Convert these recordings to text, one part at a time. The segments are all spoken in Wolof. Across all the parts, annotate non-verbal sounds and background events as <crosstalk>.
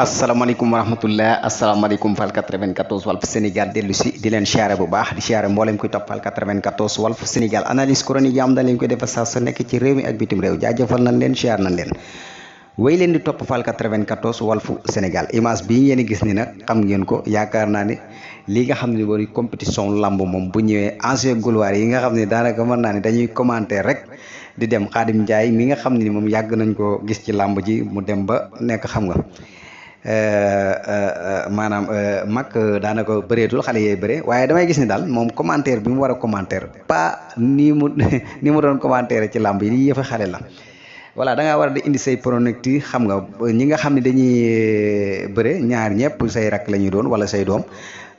asalaamaaleykum wa rahmatullah asalaamaaleykum Fall 94 Walf Sénégal dellu si di leen siyaare bu baax di siyaare mboolem koy topp Fall 94 Walf Sénégal analyse chronique yi am na leen koy defal saa su nekk ci réew mi ak bitim réew jaajëfal nañ leen siyaar na leen wéy leen di topp Fall 94 Walf Sénégal image bii ngeen gis ni nag xam ngeen ko yaakaar naa ne li nga xam ne mooy compétition lamb moom bu ñëwee ancien gloire yi nga xam ne daanaka mën naa ne dañuy rek di dem Xaadim Njaay mi nga xam ne moom yàgg nañ ko gis ci lamb ji mu dem ba nekk xam nga Eh, eh, eh, maanaam mag daanaka bëreetul xale yee bëre waaye damay gis ni daal moom commentaire bi mu war a commentaire pas nii mu <laughs> ni mu doon commentaire ci làmb yi nii yëfa xale la voilà da ngaa war a di indi say pronostic xam nga ñi nga xam ne dañuy bëre ñaar ñëpp say rakk la ñuy doon wala say doom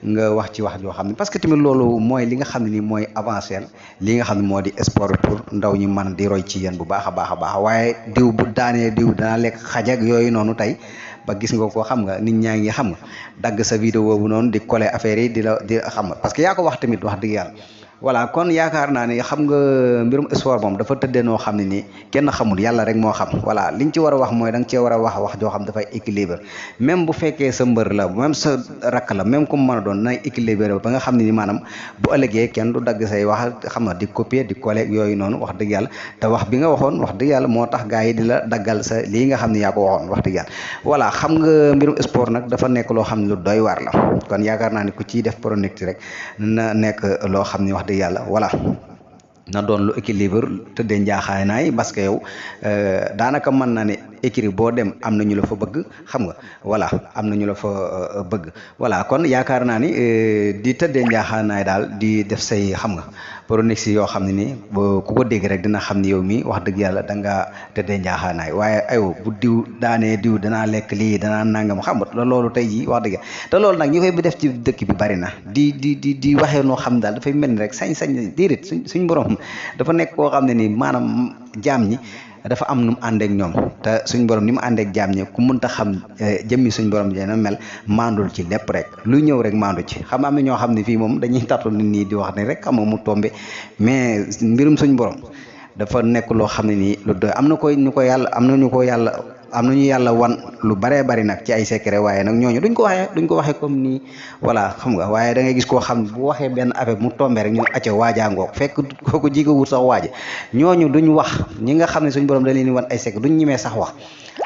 nga wax ci wax joo xam ne parce que tamit loolu mooy li nga xam ne ni mooy avancé li nga xam ne moo di sport pour ndaw ñi mën di roy ci yéen bu baax a baax a baax waaye diw bu daanee diw danaa lekk xajak yooyu noonu tey ba gis nga koo xam nga nit ñaa ngi xam nga dagg sa vidéo bu noonu di coller affaire yi di la di xam nga yaa ko wax tamit wax dëgg yàlla voilà kon yaakaar naa ni xam nga mbirum sport moom dafa tëddee noo xam ne nii kenn xamul yàlla rek moo xam voilà liñ ci war a wax mooy da cee war a wax wax joo xam dafay équilibre même bu fekkee sa mbër la même sa rakk la même comme mën a doon na équilibre ba nga xam ne ni maanaam bu kenn du dagg say wax xam na di copier di coller yooyu noonu wax dëgg yàlla te wax bi nga waxoon wax dëgg moo tax gars yi di la daggal sa lii nga xam ne yaa ko waxoon wax dëgg yàlla voilà nga mbirum sport nag dafa nekk loo xam ne lu doy waar la kon yaakaar naa ni ku ciy def pronostic rek na nekk loo xam ne wax dëgg yàlla voilà na doon lu équilibre tëddee njaaxaay naay parce que yow euh, daanaka mën na ne écrit boo dem am na ñu la fa bëgg xam nga voilà am na ñu la fa euh, bëgg voilà kon yaakaar naa ni euh, di tëddee njaaxaanaay daal di def say xam nga pronex yoo xam ne nii ku ko dégg rek dina xam ne yow mi wax dëgg yàlla da ngaa tëddee njaaxaanaay waaye ayo bu diw daanee diw danaa lekk lii danaa nangam xam la loolu tey jii wax dëgg te loolu nag ñu koy def ci dëkk bi bari na di di di di waxee noo xam daal dafay mel ni rek sañ-sañ déedéet suñ suñ borom dafa nekk koo xam ne nii maanaam jaam ñi dafa am nu mu àndeek ñoom te suñ borom ni mu àndeek jaam ñi ku mun mënta xam eh, jëmmi suñ borom dina mel maandul ci lépp rek luy ñëw rek maandu ci xam am ñoo xam ne fii moom dañuy tàttu nit ñi di wax ne rek amoo mu tombé mais mbirum suñ borom dafa nekk loo xam ne nii lu doy am na koy ñu ko yàlla am na ñu ko yàlla am nañu yàlla wan lu baree bari nag ci ay rek waaye nag ñooñu duñ ko waxee duñ ko waxee comme nii voilà xam nga waaye dangay ngay gis koo xam ne bu waxee benn affaire mu tombé rek ñu acca waajaangoog fekk kooku ji ko wut sax waaje ñooñu duñ wax ñi nga xam ne suñ borom da leen di wan ay secret duñ ñimee sax wax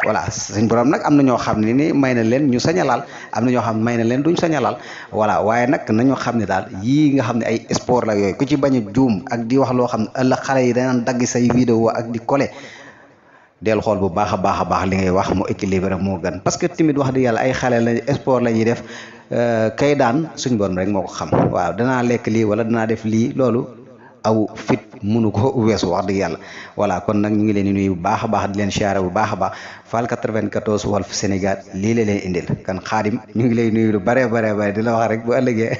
voilà suñ borom nag am na ñoo xam ne ni may na leen ñu sañalaal am na ñoo xam ne may na leen duñ sañalaal voilà waaye nag nañoo xam ne daal yii nga xam ne ay sport la yooyu ku ci bañ a juum ak di wax loo xam ne ëllëg xale yi danaan dagg say video ak di kole del xool bu baax a baax a baax li ngay wax mu équilibré moo gën parce que tamit wax dëgg yàlla ay xale la sport la def euh, kay daan suñ borom moo ko xam waaw danaa lekk lii wala danaa def lii loolu aw fit munu ko weesu wax dëgg yàlla voilà kon nag ñu ngi leen di nuyu bu baax baax di leen siyaare bu baax a baax Fall 94 Walf Sénégal lii la leen indil kan xaadim ñu ngi lay nuyu lu bare bare bare di la wax rek bu ëllëgee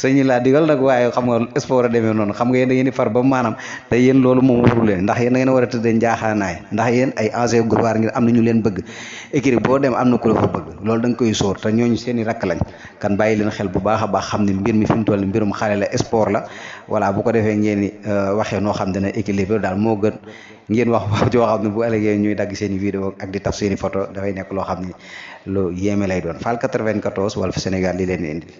suñu <laughs> laa digal nag waaye xam nga sport a demee noonu xam nga yéen da ngeen di far ba maanaam te yéen loolu moom waru leen ndax yéen da ngeen a tëddee njaaxaanaay ndax yéen ay enjeu groupe ngir am na ñu leen bëgg écrit boo dem am na ku la bëgg loolu da nga koy sóor te ñooñu seen i rakk lañ kan bàyyi leen xel bu baax a xam ne mbir mi fi mu toll mbirum xale la sport la voilà bu ko defee ngeen euh, waxee noo xam dana équilibre daal moo gën ngeen wax wax joo xam ne bu ëllëgee ñuy dagg seen i vidéo ak di taf seen photo dafay nekk loo xam ne lu yéeme lay doon Fall wala Walf Sénégal li leen di indil